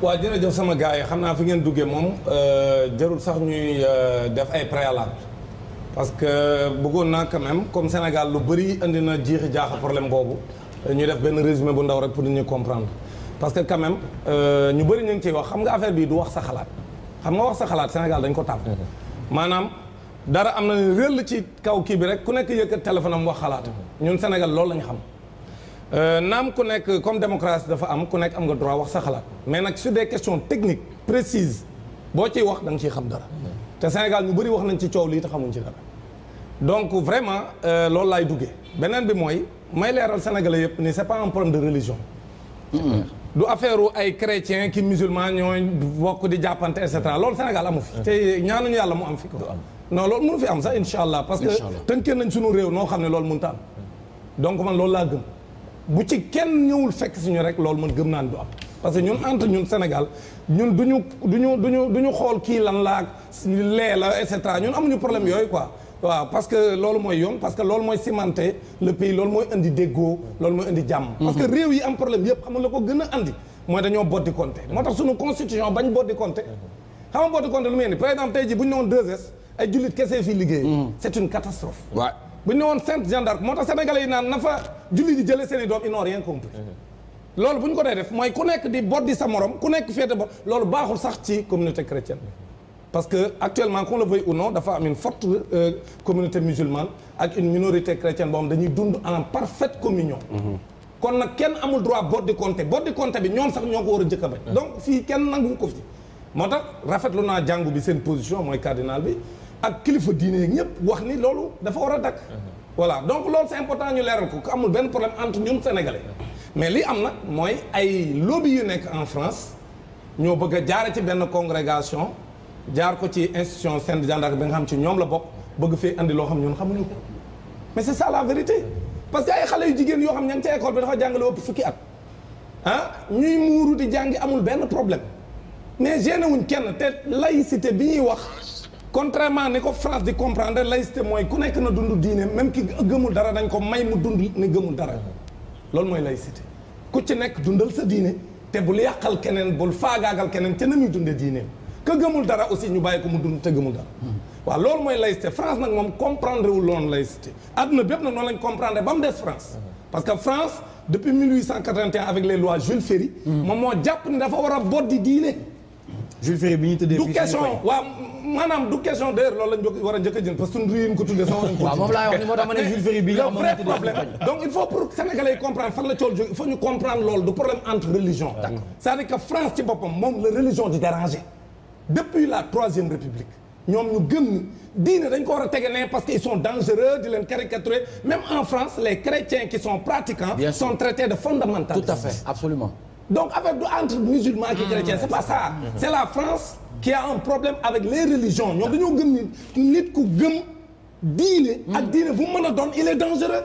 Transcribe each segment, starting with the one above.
waaw jërëjëf sama gars yi xam naa fi ngeen duggee moom euh, jarul sax ñuy euh, def ay préalable parce que bëggoon naa quand même comme Sénégal lu bari indi na jiixi jaaxa problème boobu ñu def benn résumé bu ndaw rek pour nit ñi comprendre parce que quand même euh, ñu bëri ñu ngi ciy wax xam nga affaire bii du wax sa xalaat xam nga wax sa xalaat Sénégal dañ ko tàmm mhm. maanaam dara am na réel ci kaw kii bi rek ku nekk yëkkat téléphone am wax xalaat mhm. ñun Sénégal loolu lañ xam Euh, naam ku nekk comme démocratie dafa am ku nekk am nga droit wax sa xalaat mais nag sur des questions techniques précises boo ciy wax da nga ciy xam dara te Sénégal ñu bëri wax nañ ci coow lii te xamuñ ci dara donc vraiment euh, loolu laay duggee beneen bi mooy may leeral sénégalais yëpp ni c'est pas un problème de religion du affaire ay chrétien ki musulman ñooy bokk di jàppante et cetera loolu Sénégal amu fi te ñaanuñu yàlla mu am fi ko loolu mënu fi am sax incha allah parce que tënkee nañ sunu réew noo xam ne loolu mënta am donc man loolu laa gëm bu ci kenn ñëwul fekk suñu rek loolu man gëm naa ne du am parce que ñun entre ñun Sénégal ñun du ñu du ñu du ñu du ñu xool kii lan la ak lee la et cetera ñun amuñu problème yooyu quoi. waaw parce que loolu mooy yoon parce que loolu mooy cimenter le pays loolu mooy indi déggoo loolu mooy indi jàmm. Mhm. parce que réew yi am problème yëpp xam nga la ko gën a andi mooy dañoo boddi compté moo tax suñu constitution bañ boddi compté xam nga boddi compté lu muy indi par exemple tey bu ñu ne s ay jullit kese fii liggéey. Mhm. c'est une bu ñu ne woon Sainte Jeanne d'Arc moo tax sénégalais yi naan na fa julli seeni jëlee seen i doom ils n'ont rien compris mhm. loolu bu ñu ko dee def mooy ku nekk di boddi sa morom ku nekk féete bo loolu baaxul sax ci communauté chrétienne bi parce que actuellement qu'on le veuille ou non dafa am une forte euh, communauté musulmane ak une minorité chrétienne boo xam dañuy dund en parfaite communion mhm. kon nag kenn amul droit boddi compté boddi compté bi ñoom sax ñoo ko war a jëkk a bañ mhm. donc fii kenn nangu ko fi moo tax rafetlu naa jàngu bi seen position mooy cardinal bi ak kilifa diine yeeg ñëpp wax ni loolu dafa war a dakk voilà donc loolu c'est important ñu leeral ko ku amul benn problème entre ñun sénégalais mais li am nag mooy ay lobby yu nekk en France ñoo bëgg a jaare ci benn congrégation jaar ko ci institution sainte gendarme bi nga xam ci ñoom la bokk bëgg fee andi loo xam ñun xamuñu ko mais c'est ça la vérité parce que ay xale yu jigéen yoo xam ña ngi ca école bi dafa jàngale ëpp fukki at ah ñuy muuru di jàngi amul benn problème mais gêné wuñ kenn te laïcité bi ñuy wax contrairement ni ko France di comprendre laïcité mooy ku nekk na dund diine même ki gëmul dara dañ ko may mu dund ni gëmul dara loolu mooy laïcité ku ci nekk dundal sa diine te bul yàqal keneen bul faagaagal keneen te na muy dunde diine ka gëmul dara aussi ñu bàyyi ko mu dund te gëmul dara waaw loolu mooy laïcité France nag moom comprendre wul loon laïcité àdduna bépp nag noonu lañ comprendre ba mu des France parce que France depuis 1881 avec les lois Jules Ferry moom moo jàpp ni dafa war a boddi diine Jules Ferry bi ñu tëddee du question waaw maanaam du question d'ailleurs loolu lañ jokk war a njëkk a jënd parce que suñu réew mi ko tuddee sama la du problème entre religion c'est-à-dire que France ci boppam moom la religion di déranger depuis la troisième république ñoom ñu gëm diine dañ ko war parce que ils sont dangereux di leen caricaturer même en France les chrétiens qui sont pratiquants sont traités de fondamentalistes tout à fait donc affaire du entre musulman ki chrétien c'est pas ça mm-hmm. c'est la France qui a un problème avec les religions ñoom dañoo gëm ni nit ku gëm diine ak mm-hmm. diine bu mën a doon il est dangereux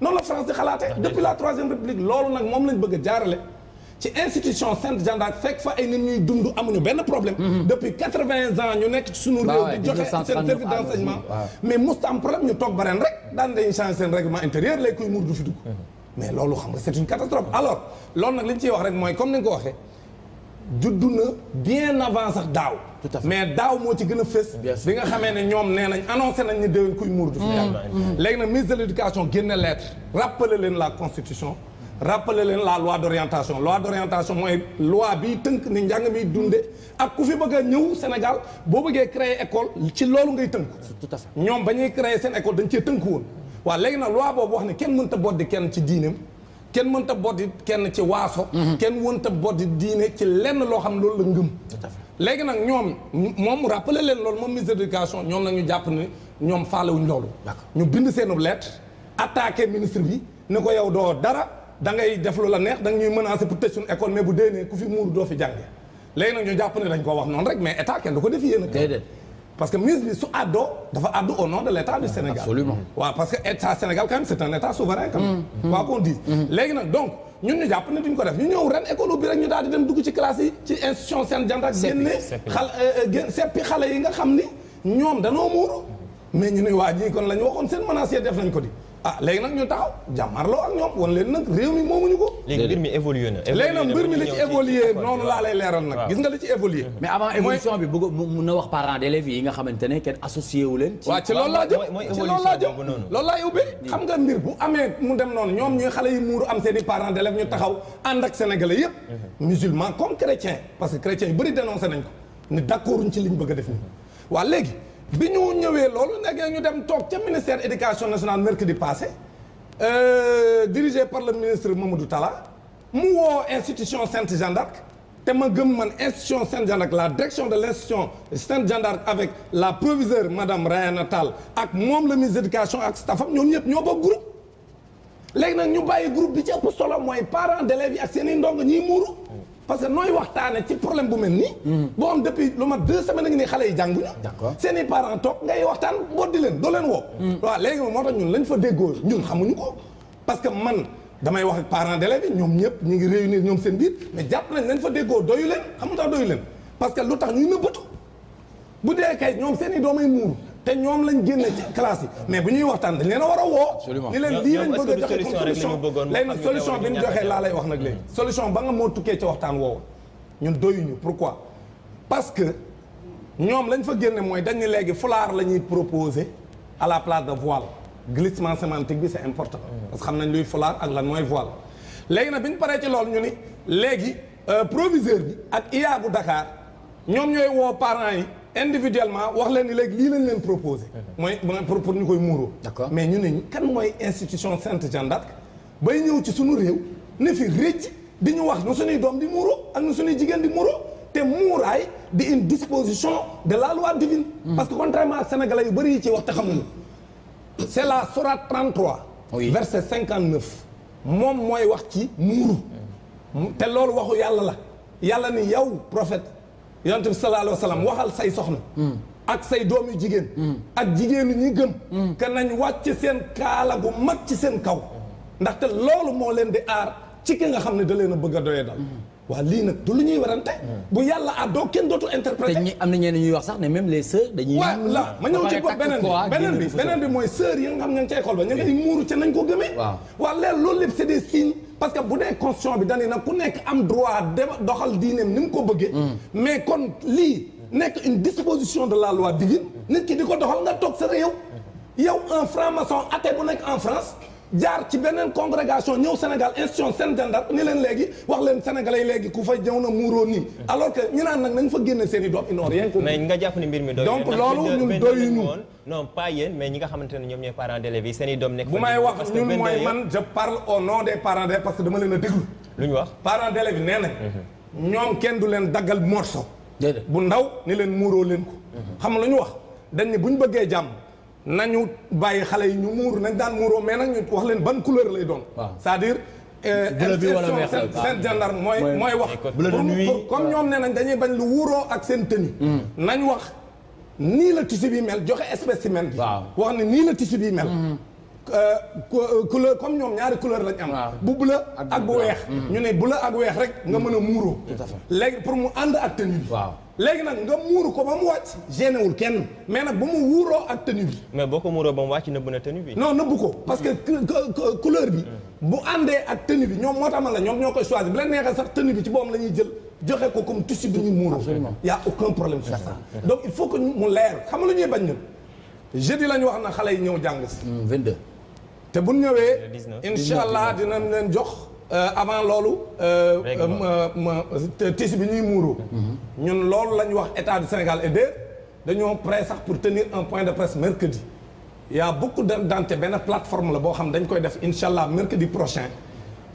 noonu la France di xalaate ah, depuis la troisième république loolu nag moom lañ bëgg jaarale ci institution Sainte Jeanne d'Arc fekk fa ay nit amu dund amuñu benn problème mm-hmm. depuis quatre-vingts ans ñu nekk ci suñu réew di joxe seen service d'enseignement mais musta am problème ñu toog ba ren daan dañuy changer seen règlement intérieur léegi mais loolu xam nga c'est une catastrophe alors loolu nag li ñu ciy wax rek mooy comme ni nga ko waxee juddu na bien avant sax daaw. mais daaw moo ci gën a fës. bi nga xamee ne ñoom nee nañ annoncé nañ ne déwén kuy muur. du fi yàlla mm. mm. léegi nag ministre de l'éducation génne lettre rappeler leen la constitution. rappeler leen la loi d'orientation loi d'orientation mooy loi bi tënk ni njàng mi dunde ak ku fi bëgg a ñëw Sénégal boo bëggee créer école ci loolu ngay tënk. tout ñoom ba ñuy créer seen école dañ cee tënk woon. waaw léegi nag loi boobu wax ne kenn mënta boddi kenn ci diineem kenn mënta boddi kenn ci waaso mhm. kenn mënta boddi diine ci lenn loo xam loolu la ngëm léegi nag ñoom moom rappelé leen loolu moom ministre de ñoom nag ñu jàpp ne ñoom faalewuñ loolu ñu bind seenu lettre attaqué ministre bi ne ko yow doo dara da ngay def lu la neex da nga ñuy menacer pour tëj suñu école mais bu déenee ku fi muuru doo fi jànge léegi nag ñu jàpp ne dañ koo wax noonu rek mais état kenn du parce que ministre bi su àddoo dafa àddu au nom de l' du Sénégal. absolument parce que état Sénégal quand même c' est souverain quand même. Mm-hmm. quoi qu'on dise. Mm-hmm. léegi nag donc ñun ñu jàpp ne duñ ko def ñu ñëw ren école bi rek ñu daal di dem dugg ci classe yi ci institution seen jant ak. seppi seppi euh, euh, seppi xale yi nga xam ni ñoom danoo muuru. mais ñu ne waa ji kon la ñu waxoon seen menace def nañ ko di. ah léegi nag ñu taxaw jàmmarloo ak ñoom wan leen nag réew mi moomuñu ko. léegi mbir mi évolué na. léegi nag mbir mi li ci évolué noonu laa leeral nag. gis nga li ci évolué. mais avant évolution bi bëgg mun na wax parents d'élèves yi nga xamante ne kenn associé wu leen. waaw ci loolu laa jëm ci loolu laa jëm loolu laay nga mbir bu amee mu dem noonu ñoom ñuy xale yi muuru am seen i parents d'élèves ñu taxaw ànd ak sénégalais yëpp. musulman comme chrétien parce que chrétien yu bëri dénoncé nañ ko ni d'accorduñ ci liñ bëgg a def nii waa léegi bi ñu ñëwee loolu nag ñu dem toog ca ministère éducation nationale mercredi passé euh, dirigé par le ministre Mamadou Talla mu woo institution Sainte Jeanne d'Arc te ma gëm man institution Sainte Jeanne la direction de l' institution Sainte Jeanne d'Arc avec la proviseure madame Rayana Tall ak moom le ministre éducation ak staffam ñoom ñëpp ñoo bokk groupe léegi nag ñu bàyyi groupe bi ci ëpp solo mooy parents d'élèves bi ak seen i ndongo ñiy muuru parce que nooy waxtaane ci problème bu mel nii. Mm-hmm. boo xam depuis lu mat deux semaines ngi ne xale yi jànguñu. d'accord seen i parents toog ngay waxtaan boo di leen doo leen woo. Mm-hmm. waaw léegi moom moo tax ñun lañ fa déggoo ñun xamuñu ko parce que man. damay wax ak parents d'élèves ñoom ñëpp ñu ngi réunir ñoom seen biir mais jàpp nañ leen fa déggoo doyu leen xam nga tax doyu leen parce que lu tax ñuy nëbbatu bu dee kay ñoom seen i doomay muuru te ñoom lañ génne ci classe yi mais bu ñuy waxtaan dañ leen a war a woo ni leen lii lañ bëgg a joxe comme solution léegi nag solution bi ñu joxee laa lay wax nag léegi mm. solution ba nga moo tukkee ci waxtaan woowu ñun parce que ñoom lañ fa génne mooy dañ ne léegi fulaar la ñuy proposer à la place de voile glissement sémantique bi c'est important mm. parce que xam nañ luy fulaar ak lan mooy voile léegi nag bi ñu paree ci loolu ñu ni léegi euh, proviseur bi ak IA dakaar Dakar ñoom ñooy woo parents yi individuellement wax leen léegi lii lañ leen proposé. mooy pour pour ñu koy muuroo. mais ñu ne kan mooy institution Sainte Jeanne d'Arc bay ñëw ci suñu réew ne fi rëcc di ñu wax nu suñuy doom di muuroo ak nu suñuy jigéen di muuroo te muuraay di une disposition de la waa divine. Hmm. parce que contrairement ak sénégalais yu bëri yi ci wax te xamuñu. c'est la sourate 33. oui verset 59. moom mooy wax ci muuru. te loolu waxu yàlla la. yàlla ni yow prophète. yonent bi sallallahu alayhi wa sallam waxal say soxna. Hmm. ak say doom yu jigéen. Hmm. ak jigéenu ñi gëm. que hmm. nañ wàcc seen kaala gu mag ci seen kaw. ndaxte loolu moo leen di aar ci ki nga xam ne da leen a bëgg a doyee dal. waa lii nag du lu ñuy warante bu yàlla àddoo kenn dootu interprété. te ñi am na ñeneen ñuy wax sax ne même les sœurs dañuy. waaw la ma ñëw ci bopp beneen bi beneen bi beneen bi nañ ko gëmee. waaw waaw loolu lépp c'est des parce que bu dee constitution bi dañu nag ku nekk am droit doxal diineem ni mu ko bëggee. Mm. mais kon lii nekk une disposition de la loi divine. nit ki di ko doxal nga toog sa réew. yow un franc-maçon athée bu nekk en France. jaar ci beneen congrégation ñëw Sénégal institution seen jandar ni leen léegi wax leen sénégalais yi léegi ku fa ñëw na muuroo nii alors que ñu naan nag nañ fa génne seen i doom inoor yéen ko mais nga jàpp ni mbir mi doy nga xamante ne ñoom ñooy parents d'élèves yi seen i doom nekk bu may wax ñun mooy man je parle au nom des parents d'élèves parce que dama leen a déglu lu ñu wax parents d'élèves yi nee nañ mhm. ñoom kenn du leen daggal morceau bu ndaw ni leen muuroo leen ko mhm. xam la ñu wax dañ bu ñu bëggee jàmm nañu bàyyi xale yi ñu muur nañ daan muuroo mais nag ñu wax leen ban couleur lay doon. c'est-à-dire. Euh, bleu bi wala weex seen seen gendarme mooy mooy wax. comme ñoom nee nañ dañuy bañ lu wuuroo ak seen tenue. Hmm. nañ wax nii la tissu bii mel joxe spécimen bi. wax ne nii la tissu bii mel. Hmm. Euh, euh, couleur comme ñoom ñaari couleur lañ am. bu bula ak bu weex. Hmm. ñu ne bleu ak weex rek nga mën a muuroo. léegi pour mu ànd ak tenue bi. léegi nag nga muuru ko ba mu wàcc génnewul kenn mais nag bu mu wuuroo ak tenue bi. mais boo ko muuroo ba mu wàcc nëbb na tenue bi. non nëbbu ko parce que couleur bi. Mm. bu àndee ak tenue bi ñoom moo tax ma la ñoom ñoo ko choisir bu la neexee sax tenue bi ci boppam la ñuy jël joxe ko comme tissu bi ñuy muuroo. y' aucun problème sur ça. donc il faut que mu leer xam nga lu ñuy bañ ñun. jeudi la ñu wax na xale yi ñëw jàng si. 22. Mm, te bu ñu ñëwee. incha allah dina leen jox. Euh, avant loolu. Euh, ma tiis bi ñuy muuroo ñun loolu la ñu wax état du Sénégal et d'ailleurs dañoo prêt sax pour tenir un point de presse mercredi. Il y dan beaucoup d'entente benn plateforme la boo xam dañ koy def incha allah mercredi prochain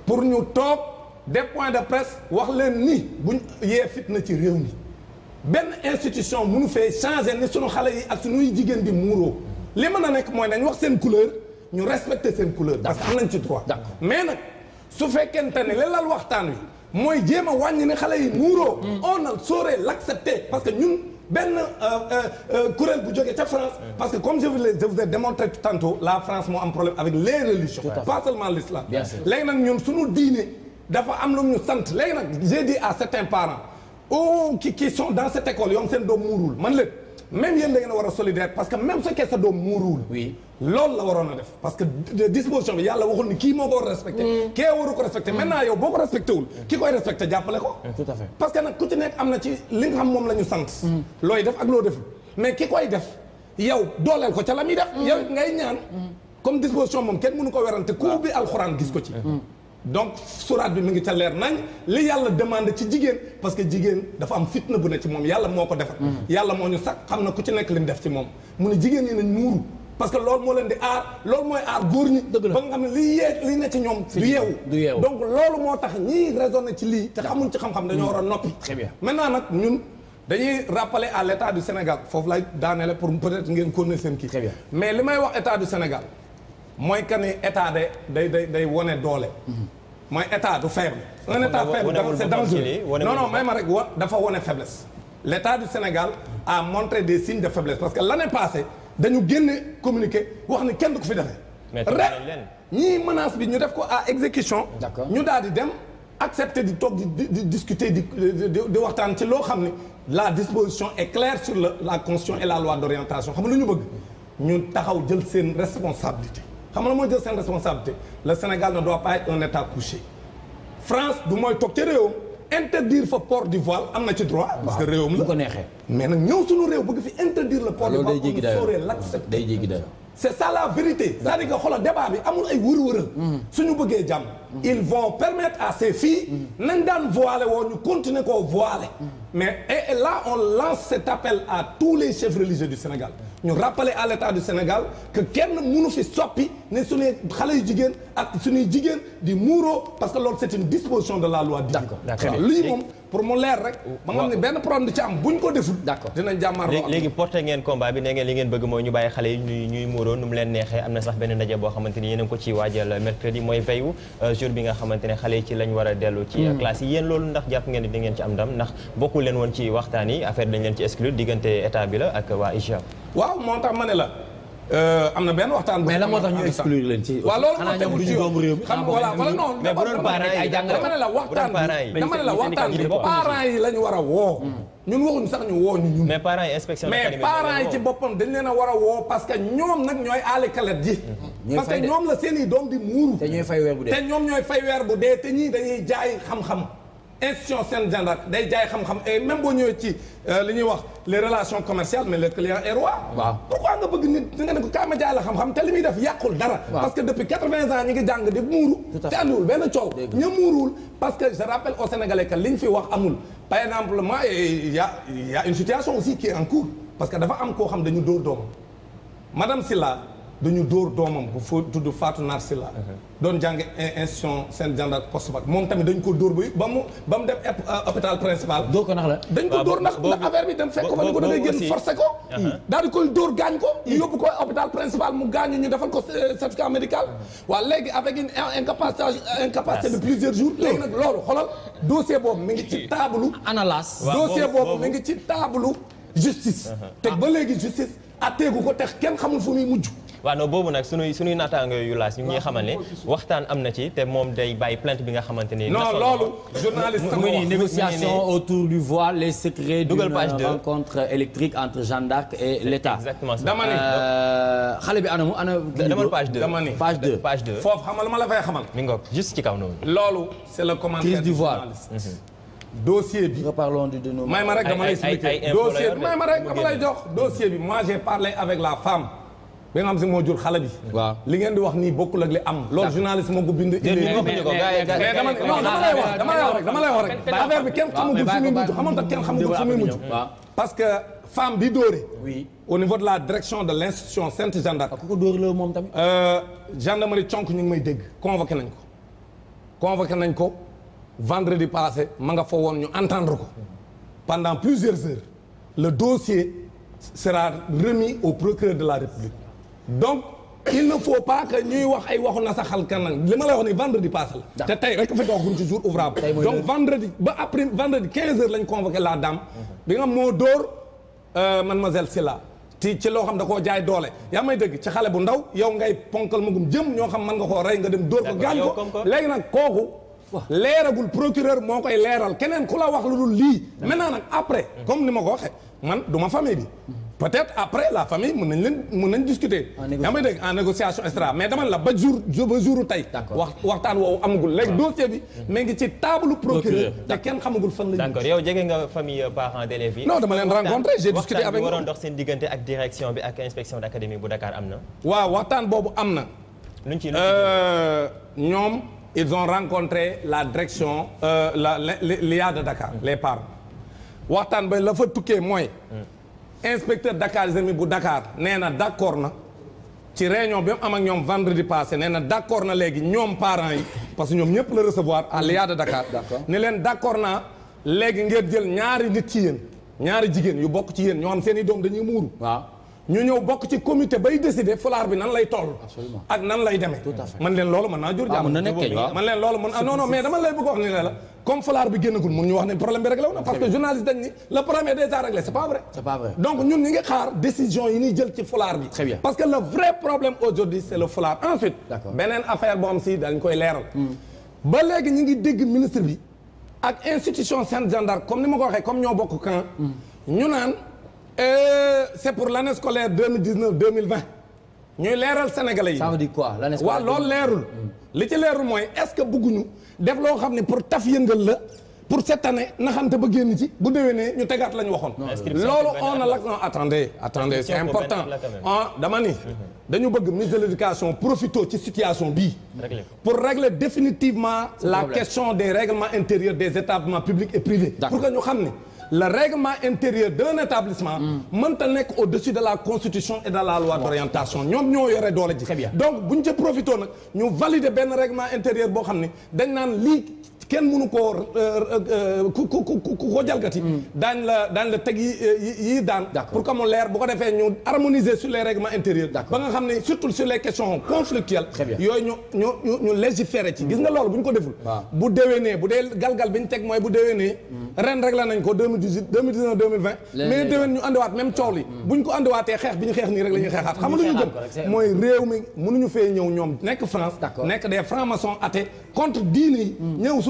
pour ñu toog des points de presse wax leen ni buñ yee fitna ci réew mi. benn institution mënu fee changer ni sunu xale yi ak suñuy jigéen di muuroo li mën a nekk mooy dañ wax seen couleur ñu respecter seen couleur. parce que am nañ ci droit mais nag. su fekkente ne leen laal waxtaan wi mooy jéem a wàññi ne xale yi na on ne saurait l'accepter parce que ñun benn euh, euh, euh, kuréel bu jógee ca France parce que comme je vous l'ai je vous ai démontré tantôt la France moo am problème avec les religions pas seulement l'islam léegi nag ñun suñu diine dafa am lu ñu sant léegi nag j'ai dit à certains parents oh qui qui dans cette école yoom seen doom muuruwul man lépp même yéen da na a war a solidaire parce que même su fekkee sa doom muuruwul loolu la waroon a def parce que disposition bi yàlla waxul ni kii moo ko war a respecté mm. kee waru ko respecté maintenant yow boo ko respecté wul ki koy respecté jàppale ko eh, tout à fait parce que nag ku ci nekk am na ci li xam moom la ñu sant mm. looy def ak loo deful mais ki koy def yow dooleel ko ca la muy def mm. yow ngay ñaan comme disposition moom kenn mënu ko werante ku ah. ubbi alxuraan gis ko ci donc suraat bi mu ngi ca leer nañ li yàlla demande ci jigéen parce que jigéen dafa am fitna bu ne ci moom yàlla moo ko defar yàlla moo ñu sax xam na ku ci nekk li mu def ci moom mu ne jigéen ñi nañ muuru parce que loolu moo leen di aar loolu mooy aar góor ñi ba nga xam ne li yee li ne ci ñoom du yeewu donc loolu moo tax ñii raisonné ci lii te xamuñ ci xam-xam dañoo war a mm. noppi très bien nag ñun dañuy rappeler à l' état du Sénégal foofu lay daanele pour peut être ngeen connaît seen kii mais li may wax état du Sénégal mooy que ni état de day day day wane doole mm-hmm. mooy état du faible un état faible c'est dangereux non non même rek wa dafa wone faiblesse l' état du de faiblesse parce que l'année passée dañu génne communiqué wax ni kenn du ko fi defee. rek ñii menace bi ñu def ko à exécution. ñu daal di dem accepter di toog di discuter di di waxtaan ci loo xam ne la disposition est claire sur la la constitution et la loi d'orientation xam nga lu ñu bëgg ñu taxaw jël seen responsabilité. xam na mooy jël seen responsabilité le Sénégal ne doit pas être un état couché France du mooy toog ca réewam. interdire fa port du am na ci droit. parce que réewam la ko neexee. mais nag ñëw suñu réew bëgg fi interdire le port du loolu day jéggi l'accepter day jéggi dayoo. c' est ça la vérité. c' est à bi amul ay wër-wër. Mm-hmm. suñu bëggee jàmm. Mm-hmm. ils vont permettre à ces filles. Mm-hmm. nañ daan voile woon ñu continuer koo voilé. mais et là on lance cet appel à tous les chefs religieux du Sénégal. ñu rappeler à l' du Sénégal que kenn mënu fi soppi. ne suñuy xale yu jigéen ak suñuy jigéen di muuroo parce que loolu c'est une disposition de la loi di lii moom pour mu leer rek ma nga xam ne benn problème di ci am buñ ko deful d'accord dinañ jàmmaar léegi porté ngeen combat bi ne ngeen li ngeen bëgg mooy ñu bàyyi xale yi ñuy muuroo nu mu leen neexee am na sax benn ndaje boo xamante ni yéen a ngi ko ciy waajal mercredi mooy veyu euh, jour bi nga xamante ne xale yi ci lañ war a dellu ci hmm. classe yi yéen loolu ndax jàpp ngeen di ngeen ci am ndam ndax bokkul leen woon ci waxtaan yi affaire dañ leen ci exclure diggante état bi la ak waa IJA Euh, am na benn waxtaan. mais la moo tax ñu exclure leen ci. waaw loolu moo tax ñu doom réew mi xam nga voilà wala ne la waxtaan bi dama ne la waxtaan bi parents ñu a woo. ñun sax ñu woo ñu ñun. mais parents yi inspection mais boppam dañ leen a war woo parce que ñoom nag ñooy aale kalet ji. parce ñoom la seen i doom di muuru. te fay weer bu dee ñoom ñooy fay weer bu dee te ñii dañuy jaay xam-xam institution seen gendarme day jaay xam-xam et même boo ñëwee ci euh, li ñuy wax les relations commerciales mais le client est roi. waaw a nga bëgg nit da nga ne ko kaay jaay la xam-xam te li muy def yàqul dara. parce que depuis quatre-vingts ans ñu ngi jàng di muuru. te andiwul benn coow. ña muuruwul parce que je rappelle aux Sénégalais que li fi wax amul. par exemple ma il a il y a une situation aussi qui est en cours parce que dafa am koo xam dañu dóor doom madame Silla. dañu dóor doomam bu fa tudd Fatou Nar la uh-huh. doon jàng institution Saint Jean d'Arc post moom tamit dañ ko dóor ba mu ba mu dem euh, hôpital principal. dóor ko nax la dañ ko dóor nax ndax affaire bi dem fekk ko fa ni ko da génn forcé ko. Uh-huh. daal koy dóor gaañ ko. ñu uh-huh. yóbbu ko hôpital principal mu gaañu ñu defal ko euh, certificat médical. waa léegi avec une incapacité incapacité de plusieurs jours. léegi nag loolu xoolal dossier boobu mi ngi ci tableau. analas ci tableau justice. te ba ah. léegi justice atteegu ko te kenn xamul fu muy mujj. waa non boobu nag sunuy sunuy naataango yu laas ñu xamal ne waxtaan am na ci te moom day bàyyi plainte bi nga xamante ni. ni négociation autour du voile les secrets d'une rencontre électrique entre Jeanne d'Arc et l'État. exactement dama ne euh, bi anamu ana. demal page 2 dama ne ma la fay xamal. ni ngoog juste ci kaw noonu. loolu c'est du journaliste crise du voile. Mhm. dossier du dénouement may ma rek dama lay expliquer dossier bi may ma rek dama lay jox dossier bi moi j'ai parlé avec la femme bi nga xam si moo jur xale bi. waaw li ngeen di wax nii bokkul ak li am. loolu journaliste moo ko bind. mais dama lay wax dama lay wax rek dama lay wax rek. affaire bi kenn xamagul fu muy mujj xamoon tax kenn xamagul fu muy mujj. parce que femme bi dóore. oui au niveau de la direction de l' institution Sainte Jeanne d'Arc. Ah, ku ko dóor la moom tamit. Euh, gendarmerie conk ñu ngi may dégg. convoqué nañ ko. convoqué nañ ko vendredi passé ma nga fa woon ñu entendre ko. pendant plusieurs heures le dossier sera remis au procureur de la République. donc il ne faut pas que ñuy wax ay waxu na saxal kanam li ma la wax ni vendredi passé la. te tey rek fa ñu waxoon ci jour ouvrable. donc vendredi ba après vendredi 15h lañ convoqué la dame. bi nga moo dóor euh, mademoiselle Silla. ci ci loo xam da koo jaay doole yaa may dëgg ci xale bu ndaw yow ngay ponkal magum jëm ñoo xam mën nga koo rey nga dem door ko gaañ ko léegi nag kooku leeragul procureur moo koy leeral keneen ku la wax lu dul lii naa nag après comme ni ma ko waxee man du ma famille bi peut-être après la famille mën nañ leen mën nañ discuter. yaa may dégg en négociation et cetera mais dama la ba jour ba jour tey. wax waxtaan woowu amagul léegi dossier bi. mais mm-hmm. ngi ci table procureur. te kenn xamagul fan la ñu. d'accord yow jege nga famille euh, parents d'élèves yi. non dama leen rencontré j'ai discuté avec. waxtaan bi ak inspection d'académie bu Dakar am na. waaw waxtaan boobu am na. luñ ci euh, ñoom ils ont rencontré la direction. Euh, la l'IA de Dakar mm. les parents. waxtaan ba la fa tukkee mooy. Mm. inspecteur Dakar Zermi bu Dakar nee na d' accord na ci réunion bi mu am ak ñoom vendredi passé nee na d' accord na léegi ñoom parents yi parce que ñoom ñëpp la recevoir à l'IA de Dakar. ni leen d' accord naa léegi ngeen jël ñaari nit ci yéen ñaari jigéen yu bokk ci yéen ñoo xam seen i doom dañuy muuru. waaw ñu ñëw bokk ci comité bay décider fulaar bi nan lay toll. ak nan lay demee. man leen loolu mën naa jur ah, jàmm. man leen loolu mën ah non non mais dama lay bëgg wax ni la la. comme fulaar bi génnagul mun ñu wax ne problème bi réglé wu na parce que journaliste dañ ni le premier déjà réglé c'est pas vrai. c'est pas vrai donc ñun ñu ngi xaar décision yi ñuy jël ci fulaar bi. très bien parce que le vrai problème aujourd'hui c'est le fulaar ensuite. d'accord beneen affaire boo xam si dañ koy leeral. Hmm. ba léegi ñu ngi dégg ministre bi. ak institution sainte gendarme comme ni ma ko waxee comme ñoo bokk camp. Hmm. ñu naan Euh, c'est pour l'année scolaire deux mille dix-neuf deux mille vingt ñuy leeral sénégalais yi. ça quoi l'année scolaire waaw loolu leerul. li ci leerul mooy est-ce que bëgguñu def loo xam ne pour taf yëngal la. pour cette année naxante ba génn ci bu déwénee ñu tegaat la ñu waxoon. loolu on a la non attendez attendez c'est important ah dama ni. dañu bëgg ministre de l'éducation profito ci situation bii. pour régler définitivement la question des règlements intérieurs des établissements publics et privés. pour que ñu xam ne. le règlement intérieur d'un établissement mënta nekk au-dessus de la constitution et de la loi d'orientation ñoom ñoo yore doole ji donc buñ ca profitoo nag ñu valider benn règlement intérieur boo xam ne dañ naan lii kenn mënu ko euh, ku ku ku ko jalgati. Mm. daañ la daañ la teg yi yi daan. pour que mu leer bu ko defee ñu harmoniser sur les règlements intérieurs. ba nga xam ne surtout sur les questions conflictuelles. yooyu ñu ñu ñu ñu ci. gis nga mm. loolu bu ñu ko deful. bu déwénee bu dee galgal bi ñu teg mooy bu déwénee. Mm. ren réglé nañ ko deux mille déwén ñu andiwaat même coow li. bu ñu ko andiwaatee xeex bi ñu xeex nii rek la xeexaat. xam nga ñu gëm mooy réew mi mënuñu fee ñëw ñoom nekk France.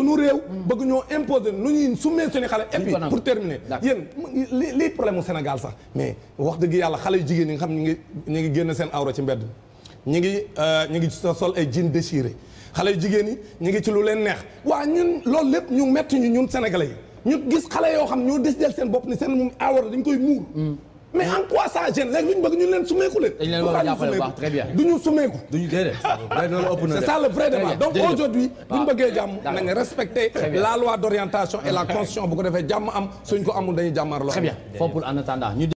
sunu réew bëgg ñoo imposer nu ñuy summee suñu xale et pour terminer yéen li lii Sénégal sax mais wax dëgg yàlla xale yu jigéen ñi nga xam ñu ngi ñu ngi génn seen awra ci mbedd ñu ngi euh, ñu ngi sol ay jean déchiré xale yu jigéen ñi ñu ngi ci lu leen neex waa ñun loolu lépp ñu metti ñu ñun sénégalais yi ñu gis xale yoo xam ñoo décidé seen bopp ni seen awra dañ koy muur mm. mais en quoi ça gêne léegi ñu bëgg ñu leen sumeeku leen. du ñu sumeeku. Ah. c'est ça le vrai débat donc aujourd'hui bu ñu bëggee jàmm nañu respecter la loi d'orientation et la constitution bu ko defee jàmm am suñ ko amul dañuy jàmmarloo. très bien